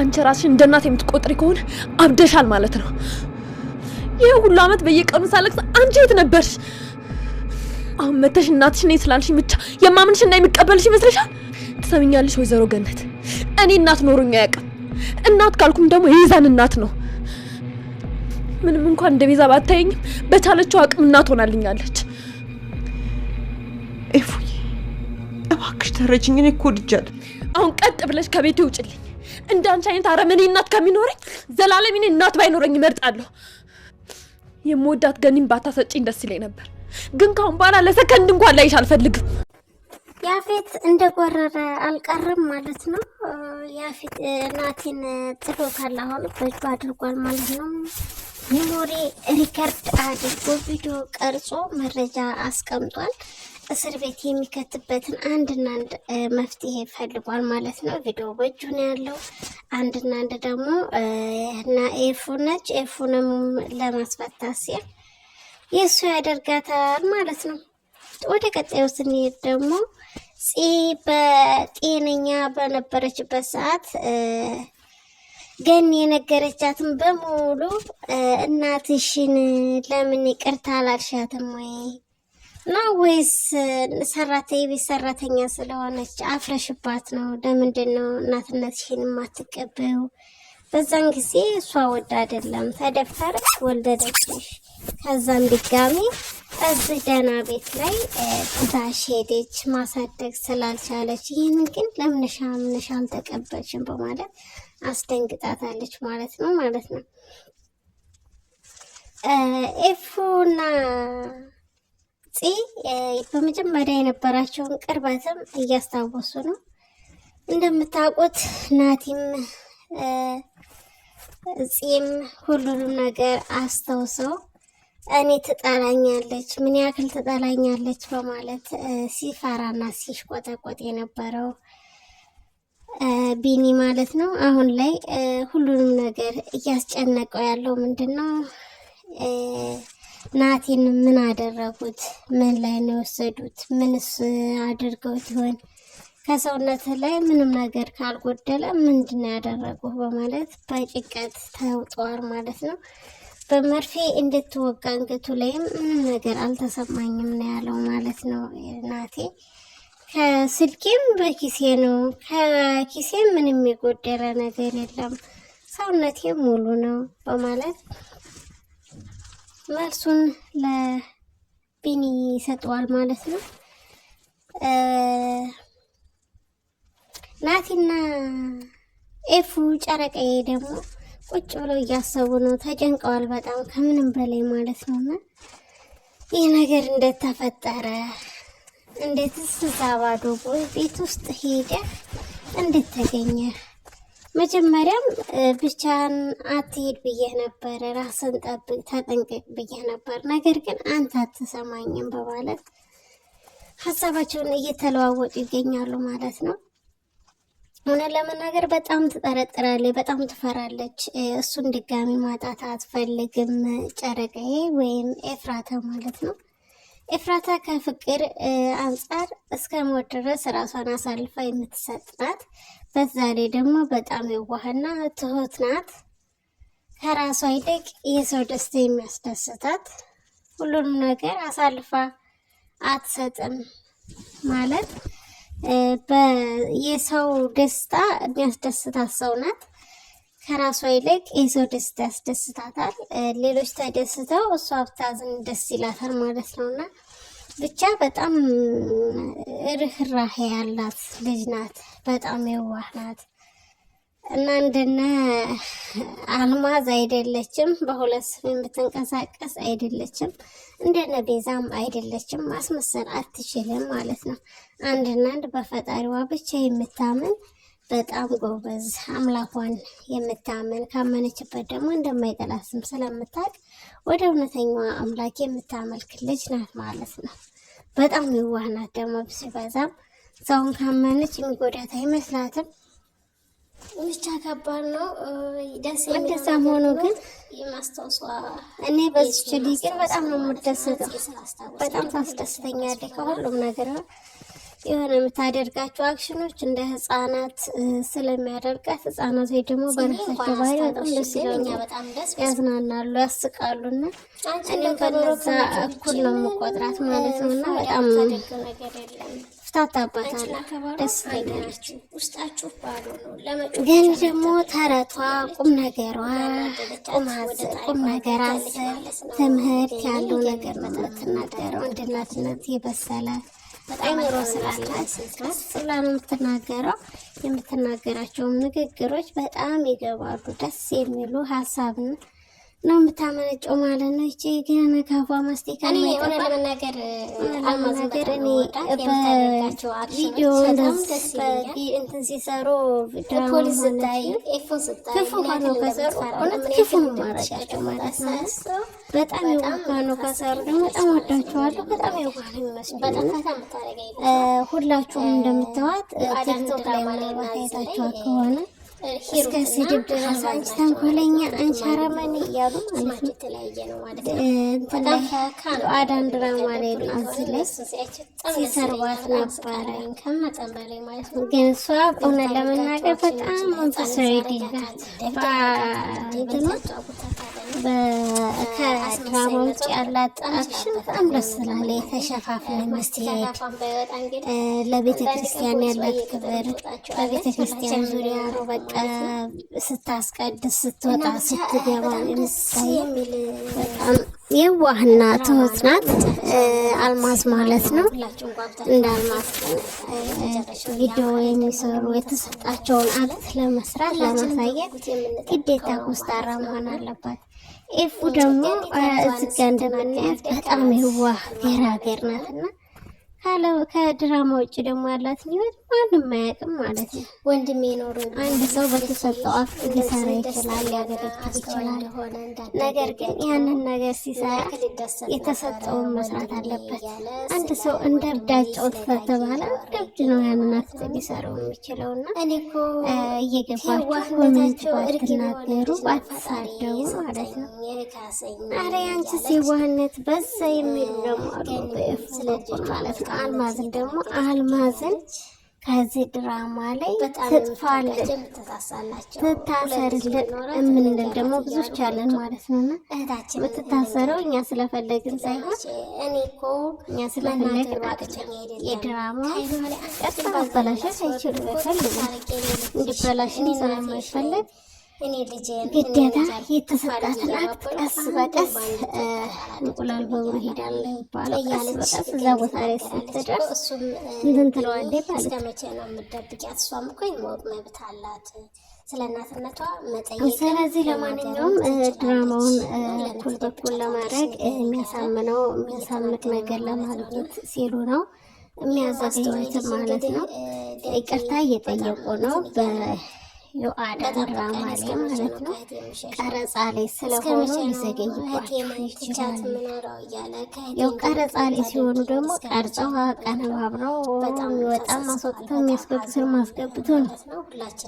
አንቺ ራስሽ እንደ እናት የምትቆጥሪ ከሆነ አብደሻል ማለት ነው። ይህ ሁሉ ዓመት በየቀኑ ሳለቅስ አንቺ የት ነበርሽ? አሁን መተሽ እናትሽ ነኝ ስላልሽ ብቻ የማምንሽና የሚቀበልሽ ይመስልሻል? ትሰምኛለሽ ወይዘሮ ገነት፣ እኔ እናት ኖሮኛ አያውቅም። እናት ካልኩም ደግሞ የቤዛን እናት ነው። ምንም እንኳን እንደ ቤዛ ባታየኝም በቻለችው አቅም እናት ሆናልኛለች። ኤፉዬ እባክሽ ተረጅኝ፣ እኔ እኮ ወድጃለሁ። አሁን ቀጥ ብለሽ ከቤቴ ውጭልኝ። እንደ አይነት አረመኔ እናት ከሚኖረኝ ዘላለሜ እናት ባይኖረኝ እመርጣለሁ። የምወዳት ገኒም ባታሰጪኝ ደስ ይለኝ ነበር፣ ግን ካሁን በኋላ ለሰከንድ እንኳን ላይሽ አልፈልግም። ያፌት እንደጎረረ አልቀረም ማለት ነው። ያፌት ናቲን ጥሎታል። አሁን በእጁ አድርጓል ማለት ነው። ሚሞሪ ሪከርድ አድርጎ ቪዲዮ ቀርጾ መረጃ አስቀምጧል። እስር ቤት የሚከትበትን አንድና አንድ መፍትሄ ፈልጓል ማለት ነው። ቪዲዮ በእጁ ነው ያለው። አንድና አንድ ደግሞ እና ነች። ኤፉንም ለማስፈታ ሲል የእሱ ያደርጋታል ማለት ነው። ወደ ቀጣዩ ስንሄድ ደግሞ ፂ በጤነኛ በነበረችበት ሰዓት ገን የነገረቻትን በሙሉ እናትሽን ለምን ይቅርታ አላልሻትም ወይ ነው ወይስ ሰራተ የቤት ሰራተኛ ስለሆነች አፍረሽባት ነው? ለምንድን ነው እናትነትሽን የማትቀበዩ? በዛን ጊዜ እሷ ወድ አይደለም ተደፈረች፣ ወለደችሽ። ከዛም ድጋሚ እዚህ ደህና ቤት ላይ ትታሽ ሄደች፣ ማሳደግ ስላልቻለች። ይህንን ግን ለምንሻ ምንሻ አልተቀበልሽም በማለት አስደንግጣታለች ማለት ነው ማለት ነው ኤፉና አፄ በመጀመሪያ የነበራቸውን ቅርበትም እያስታወሱ ነው። እንደምታውቁት ናቲም አፄም ሁሉንም ነገር አስታውሰው እኔ ትጠላኛለች፣ ምን ያክል ትጠላኛለች በማለት ሲፈራና ሲሽቆጠቆጥ የነበረው ቢኒ ማለት ነው። አሁን ላይ ሁሉንም ነገር እያስጨነቀው ያለው ምንድን ነው? ናቲን ምን አደረጉት? ምን ላይ ነው የወሰዱት? ምንስ አድርገውት ይሆን? ከሰውነት ላይ ምንም ነገር ካልጎደለ ምንድን ነው ያደረጉ? በማለት በጭንቀት ተውጠዋል ማለት ነው። በመርፌ እንድትወጋ አንገቱ ላይም ምንም ነገር አልተሰማኝም ነው ያለው ማለት ነው ናቴ። ከስልኬም በኪሴ ነው፣ ከኪሴ ምንም የጎደለ ነገር የለም፣ ሰውነቴ ሙሉ ነው በማለት መልሱን ለቢኒ ይሰጠዋል ማለት ነው። ናቲና ኤፉ ጨረቀዬ ደግሞ ቁጭ ብለው እያሰቡ ነው። ተጨንቀዋል በጣም ከምንም በላይ ማለት ነውና ይህ ነገር እንዴት ተፈጠረ? እንዴትስ ቤት ውስጥ ሄደ? እንዴት ተገኘ? መጀመሪያም ብቻን አትሄድ ብዬ ነበረ፣ ራስን ጠብቅ፣ ተጠንቀቅ ብዬ ነበር፣ ነገር ግን አንተ አትሰማኝም በማለት ሀሳባቸውን እየተለዋወጡ ይገኛሉ ማለት ነው። እውነት ለመናገር በጣም ትጠረጥራለች፣ በጣም ትፈራለች። እሱን ድጋሚ ማጣት አትፈልግም ጨረቃዬ ወይም ኤፍራታ ማለት ነው። ኤፍራታ ከፍቅር አንጻር እስከ ሞት ድረስ ራሷን አሳልፋ የምትሰጥ ናት። በዛ ላይ ደግሞ በጣም የዋህና ትሁት ናት። ከራሷ ይልቅ የሰው ደስታ የሚያስደስታት ሁሉንም ነገር አሳልፋ አትሰጥም። ማለት የሰው ደስታ የሚያስደስታት ሰው ናት። ከራሷ ይልቅ የሰው ደስት ያስደስታታል። ሌሎች ተደስተው እሷ ብታዝን ደስ ይላታል ማለት ነው። እና ብቻ በጣም ርህራሄ ያላት ልጅ ናት። በጣም የዋህ ናት እና እንደነ አልማዝ አይደለችም። በሁለት ስም የምትንቀሳቀስ አይደለችም። እንደነ ቤዛም አይደለችም። ማስመሰል አትችልም ማለት ነው። አንድና አንድ በፈጣሪዋ ብቻ የምታምን በጣም ጎበዝ አምላኳን የምታመን ካመነችበት ደግሞ ስም ስለምታውቅ ወደ እውነተኛዋ አምላክ የምታመልክ ልጅ ናት ማለት ነው። በጣም የዋህ ናት ደግሞ ሲበዛም፣ ሰውን ካመነች የሚጎዳት አይመስላትም። ብቻ ከባድ ነው። እንደዛም ሆኖ ግን እኔ በዚች ግን በጣም ነው የምደሰተው። በጣም ታስደስተኛለች ከሁሉም ነገር ውስጥ የሆነ የምታደርጋቸው አክሽኖች እንደ ህጻናት ስለሚያደርጋት ህጻናት ወይ ደግሞ በራሳቸው ባህሪ በጣም ደስ ይላሉ፣ ያዝናናሉ፣ ያስቃሉ እና እኔም ከነዛ እኩል ነው የምቆጥራት ማለት ነው እና በጣም ፍታታባታለሁ፣ ደስ ይለኛል። ግን ደግሞ ተረቷ፣ ቁም ነገሯ ቁም ነገር አዘል ትምህርት ያለው ነገር ነው የምትናገረው እንድናትነት እናትነት በጣም ሮ ስላላት ስላ ነው የምትናገረው። የምትናገራቸው ንግግሮች በጣም ይገባሉ። ደስ የሚሉ ሀሳብ ነው። ነው የምታመነጨው ማለት ነው። ይቺ ግን ከፏ ማስቲካ ለመናገር እንትን ሲሰሩ ክፉ ሆነው ከሰሩ እውነት ክፉ ነው ማረጋቸው ማለት ነው። በጣም የዋህ ነው ከሰሩ ደግሞ በጣም ወዳቸዋለሁ። በጣም የዋህ ነው ሁላችሁም እንደምታዋት ቲክቶክ ላይ ማለባት አይታችኋት ከሆነ እስከ ስድብ ድረስ አንቺ ተንኮለኛ፣ አንቺ አረመኔ እያሉ ማለት አዳን ድራማ ላይ እዚህ ላይ ሲሰርባት ነበረ። ግን እሷ እውነት ለመናገር በጣም መንፈሳዊ ድናት ከድራማ ውጭ ያላት አክሽን በጣም ደስ ይላል። የተሸፋፈነ መስተያየት፣ ለቤተ ክርስቲያን ያላት ክብር፣ በቤተ ክርስቲያን ዙሪያ በቃ ስታስቀድስ፣ ስትወጣ፣ ስትገባ የምታይ በጣም የዋህና ትሁት ናት አልማዝ ማለት ነው። እንደ አልማዝ ቪዲዮ የሚሰሩ የተሰጣቸውን አለት ለመስራት ለማሳየት ግዴታ ኮስታራ መሆን አለባት። ኢፉ ደግሞ ጋ እንደምናያት በጣም የዋህ ገራገር ናትና ከድራማ ውጭ ደግሞ ያላት ሚወት ማንም አያውቅም ማለት ነው። ወንድሜ ኖሮ አንድ ሰው በተሰጠው አፍ ሊሰራ ይችላል፣ ሊያገለግል ይችላል። ነገር ግን ያንን ነገር ሲሰራ የተሰጠውን መስራት አለበት። አንድ ሰው እንደ እርዳጫው ተተባለ ግብድ ነው ያንን አፍ ሊሰራው የሚችለው እና እየገባችሁ በምንጭ ባትናገሩ ባትሳደቡ ማለት ነው። አረ ያንቺስ የዋህነት በዛ የሚሉ ደግሞ ማለት ነው። ደግሞ አልማዝን ከዚህ ድራማ ላይ ትጥፋለች፣ ትታሰርልን የምንል ደግሞ ብዙዎች አለን ማለት ነውና የምትታሰረው እኛ ስለፈለግን ሳይሆን እኛ ስለፈለግን የድራማ ቀጥ ማበላሸት አይችሉም። ይፈልጉ እንዲበላሽን ስለማይፈለግ ግዴታ የተሰጣትን አክት ቀስ በቀስ እንቁላል በእግሩ ሄዳለ ይባላል። ቀስ በቀስ እዛ ቦታ ላይ ስትደርስ እንትን ትለዋለች ማለት ነው። ስለዚህ ለማንኛውም ድራማውን ቱል በኩል ለማድረግ የሚያሳምነው የሚያሳምቅ ነገር ለማግኘት ሲሉ ነው የሚያዘጋጁት ማለት ነው። ይቅርታ እየጠየቁ ነው። ዮአዳን ድራማ ላይ ማለት ነው ቀረጻ ላይ ሲሆኑ ደግሞ ቀርጸው አቀነባብረው የሚወጣ ማስወጥተው የሚያስገብትን ማስገብቶ ነው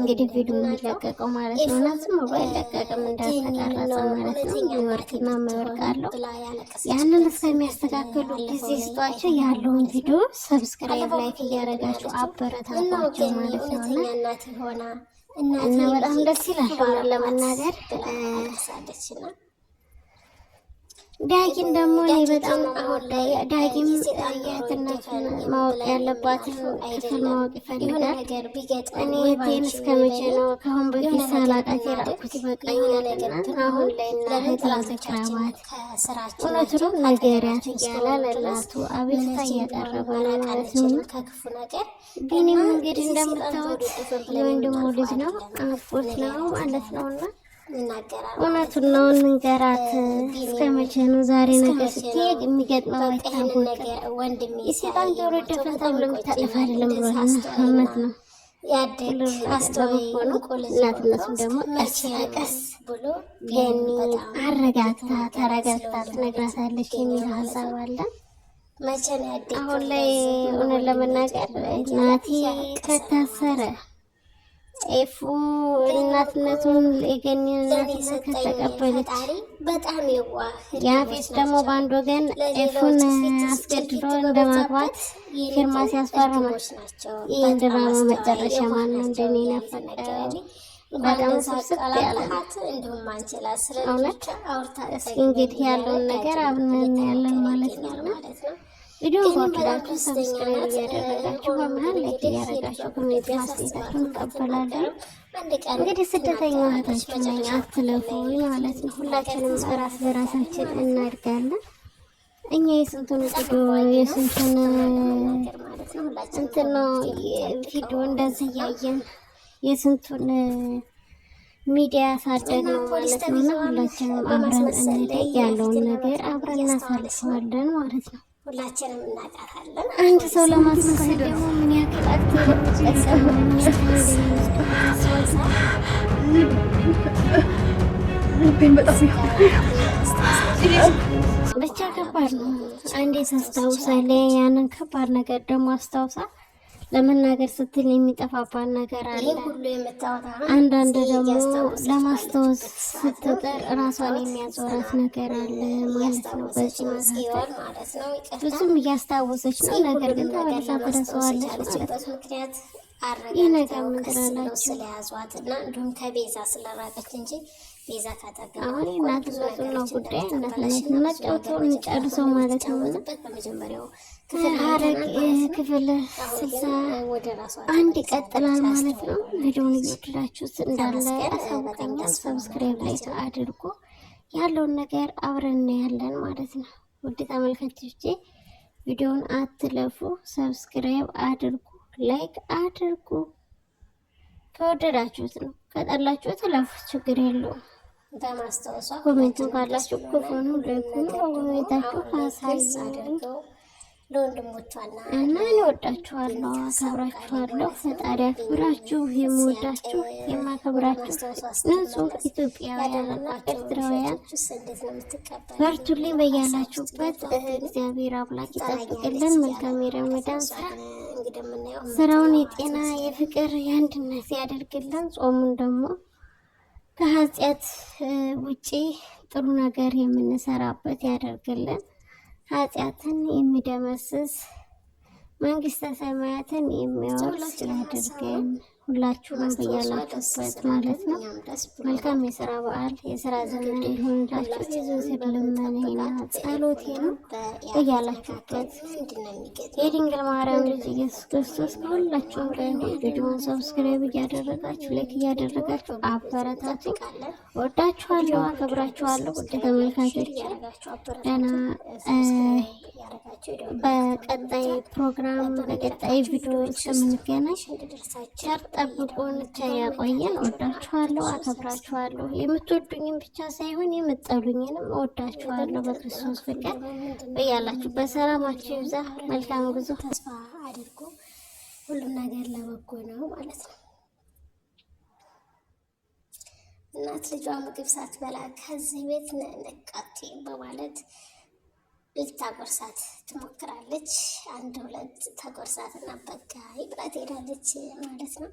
እንግዲህ ቪዲዮ የሚለቀቀው ማለት ነው። እና ዝም ብሎ አይለቀቅም እንዳልተቀረጸ ማለት ነው። የሚወርቅና የማይወርቅ አለው። ያንን እስከሚያስተካክሉ ጊዜ ስጧቸው። ያለውን ቪዲዮ ሰብስክራይብ ላይክ እያደረጋቸው አበረታቷቸው ማለት ነው እና በጣም ደስ ይላል ለመናገር ሳለች ነው ዳጊን ደግሞ እኔ በጣም ዳጊም እህትነት ማወቅ ያለባትን ክፍል ማወቅ ይፈልጋል። እኔ እህቴን እስከ መቼ ነው ከአሁን በፊት ሳላቃት የራቁት ይበቃኛልና አሁን ላይ እናት ራሰቻባት እውነቱንም እያለ ለእናቱ አቤቱታ እያቀረበ ነው ማለት ነው። ቢኒም እንግዲህ እንደምታወቅ የወንድሙ ልጅ ነው አፍቆት ነው ማለት ነውና እውነቱን ነው እንንገራት። እስከ መቼ ነው ዛሬ ነገር ስትሄድ የሚገጥመው የሴጣን ጆሮ ደፈን ተብሎ የሚታጠፍ አይደለም ብሎ እውነት ነው። እናትነቱም ደግሞ ቀስ በቀስ ገኒ አረጋግታ ተረጋግታ ትነግራታለች የሚል ሀሳብ አለ። አሁን ላይ እውነት ለመናገር እናቴ ከታሰረ ኤፉ እናትነቱን የገኒን እናትነት ተቀበለች። ያፌት ደግሞ በአንድ ወገን ኤፉን አስገድዶ እንደማግባት ፊርማ ሲያስፈርማል። ይህን ድራማ መጨረሻ ማን እንደሚናፈቀው በጣም ስብስብ ያለ እውነት። እስኪ እንግዲህ ያለውን ነገር አብነን ያለን ማለት ነው። ቪዲዮን በወደዳችሁ ሰብስክራይብ እያደረጋችሁ በመሀል ላይክ እያደረጋችሁ ኮሜንት እንቀበላለን። እንግዲህ ስደተኛ አትለፉ ማለት ነው። ሁላችንም በራሳችን እናድጋለን። እኛ የስንቱን ቪዲዮ የስንቱን እንትን ነው ቪዲዮ እንደዚህ እያየን የስንቱን ሚዲያ ሳደግ ማለት ነው ሁላችንም አብረን እንደግ ያለውን ነገር አብረን እናሳልፈዋለን ማለት ነው። ሁላችንም እናቃታለን። አንድ ሰው ለማስመሰል ደግሞ ምን ያክል ብቻ ከባድ ነው። አንዴ ታስታውሳለህ ያንን ከባድ ነገር ደግሞ አስታውሳ ለመናገር ስትል የሚጠፋባት ነገር አለ። አንዳንድ ደግሞ ለማስታወስ ስትጠር እራሷን የሚያጾረት ነገር አለ ማለት ነው። በዚህ መካከል ብዙም እያስታወሰች ነው፣ ነገር ግን ተመልሳ ትረሳዋለች ማለት ነው። ይህ ነገር ምን ትላላችሁ? ስለያዟት እንዲሁም ከቤዛ ስለራቀች እንጂ አሁን እናት በጽኑ ነው ጉዳይ እናትነት ነው የሚጨርሰው ማለት ነው። ሐረግ ክፍል ስልሳ አንድ ይቀጥላል ማለት ነው። ቪዲዮውን እየወደዳችሁት እንዳለ አሳውቀኛል። ሰብስክራይብ ላይ አድርጎ ያለውን ነገር አብረን ያለን ማለት ነው። ውድ ተመልካቾቼ ቪዲዮውን አትለፉ፣ ሰብስክራይብ አድርጉ፣ ላይክ አድርጉ። ከወደዳችሁት ነው፣ ከጠላችሁት ለፉት ችግር የለውም። ኮሜንቱን ካላችሁ ክፉኑ ደጉን በኮሜንታችሁ አሳያለሁ እና እወዳችኋለሁ፣ አከብራችኋለሁ። ፈጣሪ አክብራችሁ የምወዳችሁ የማከብራችሁ ንጹህ ኢትዮጵያውያንና ኤርትራውያን በርቱልኝ። በያላችሁበት እግዚአብሔር አምላክ ይጠብቅልን። መልካም የረመዳን ስራ ስራውን የጤና የፍቅር የአንድነት ያደርግልን። ጾሙን ደግሞ ከኃጢአት ውጪ ጥሩ ነገር የምንሰራበት ያደርግልን። ኃጢአትን የሚደመስስ መንግስተ ሰማያትን የሚወርስ ያድርገን። ሁላችሁም በያላችሁበት ማለት ነው መልካም የስራ በዓል የስራ ዘመን ይሁንላችሁ። የዞሴ ልመናና ጸሎቴ ነው። በያላችሁበት የድንግል ማርያም ልጅ ኢየሱስ ክርስቶስ ከሁላችሁም ጋር ቪዲዮን ሰብስክራይብ እያደረጋችሁ ላይክ እያደረጋችሁ አበረታችሁ። ወዳችኋለሁ፣ አከብራችኋለሁ። ውድ ተመልካቾች ደህና በቀጣይ ፕሮግራም በቀጣይ ቪዲዮ እስከምንገናኝ ጠብቆን ብቻ ያቆየን። ወዳችኋለሁ፣ አከብራችኋለሁ። የምትወዱኝም ብቻ ሳይሆን የምጠሉኝንም ወዳችኋለሁ በክርስቶስ ፍቅር። እያላችሁ በሰላማችሁ ይብዛ። መልካም ጉዞ። ተስፋ አድርጎ ሁሉም ነገር ለበጎ ነው ማለት ነው። እናት ልጇ ምግብ ሳትበላ ከዚህ ቤት ነቃቴ በማለት ልታጎርሳት ትሞክራለች። አንድ ሁለት ተጎርሳት እና በቃ ይብላ ትሄዳለች ማለት ነው።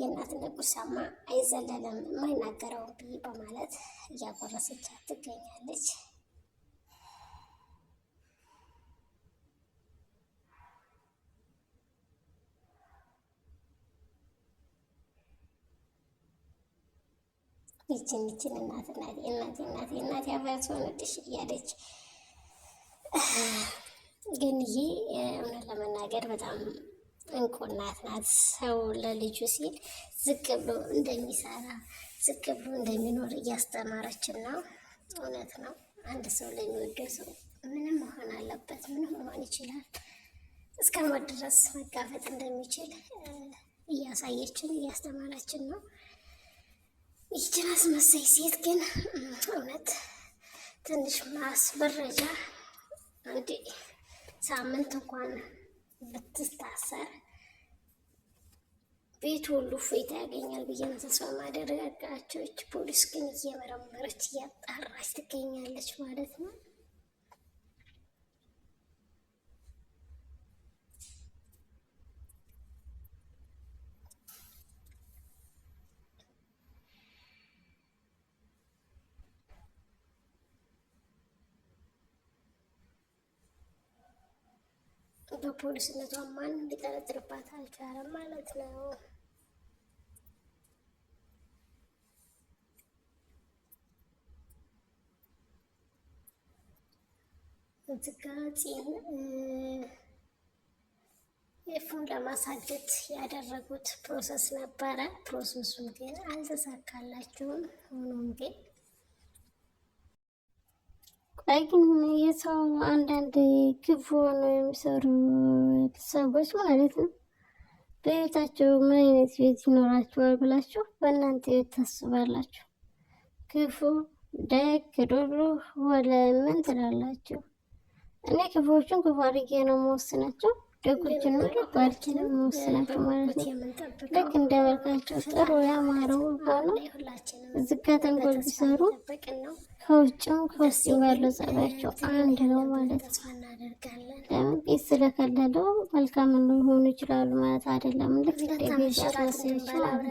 የእናትነት ጉርሳማ አይዘለለም የማይናገረው ብዬ በማለት እያጎረሰች ትገኛለች። ይችን ይችን እናት እናት እናት እናቴ እናቴ አብራት ሆነልሽ እያለች ግን ይሄ እውነት ለመናገር በጣም እንቁ እናት ናት። ሰው ለልጁ ሲል ዝቅ ብሎ እንደሚሰራ ዝቅ ብሎ እንደሚኖር እያስተማረችን ነው። እውነት ነው። አንድ ሰው ለሚወደው ሰው ምንም መሆን አለበት። ምንም መሆን ይችላል። እስከ ሞት ድረስ መጋፈጥ እንደሚችል እያሳየችን እያስተማረችን ነው። ይችን አስመሳይ ሴት ግን እውነት ትንሽ ማስበረጃ እንግዲህ ሳምንት እንኳን ብትታሰር ቤት ሁሉ ፌታ ያገኛል ብዬ ተስፋ ማደረጋቸው። ፖሊስ ግን እየመረመረች እያጣራች ትገኛለች ማለት ነው። በፖሊስነቷ ማን ሊጠረጥርባት አልቻለም ማለት ነው። እዚጋ ፂን ኤፉን ለማሳደድ ያደረጉት ፕሮሰስ ነበረ። ፕሮሰሱ ግን አልተሳካላቸውም። ሆኖም ግን አይ ግን የሰው አንዳንድ ክፉ ሆነ የሚሰሩ ሰዎች ማለት ነው። በቤታቸው ምን አይነት ቤት ይኖራቸዋል ብላችሁ በእናንተ ቤት ታስባላችሁ? ክፉ ደግ፣ ዶሮ ወለ ምን ትላላችሁ? እኔ ክፉዎቹን ክፉ አድርጌ ነው መወስናቸው፣ ደጎችን ደግ ባልኪ ነው መወስናቸው ማለት ነው። ልክ እንዳመልካቸው ጥሩ ያማረው ሆነ ዝጋ ቢሰሩ ከውጭም ከውስጥም ያለው ጸባያቸው አንድ ነው ማለት ነው። ለምን ቤት ስለከለለው መልካም ሆኑ ይችላሉ ማለት አይደለም። ልክ ደቤ ጨረስ ይችላሉ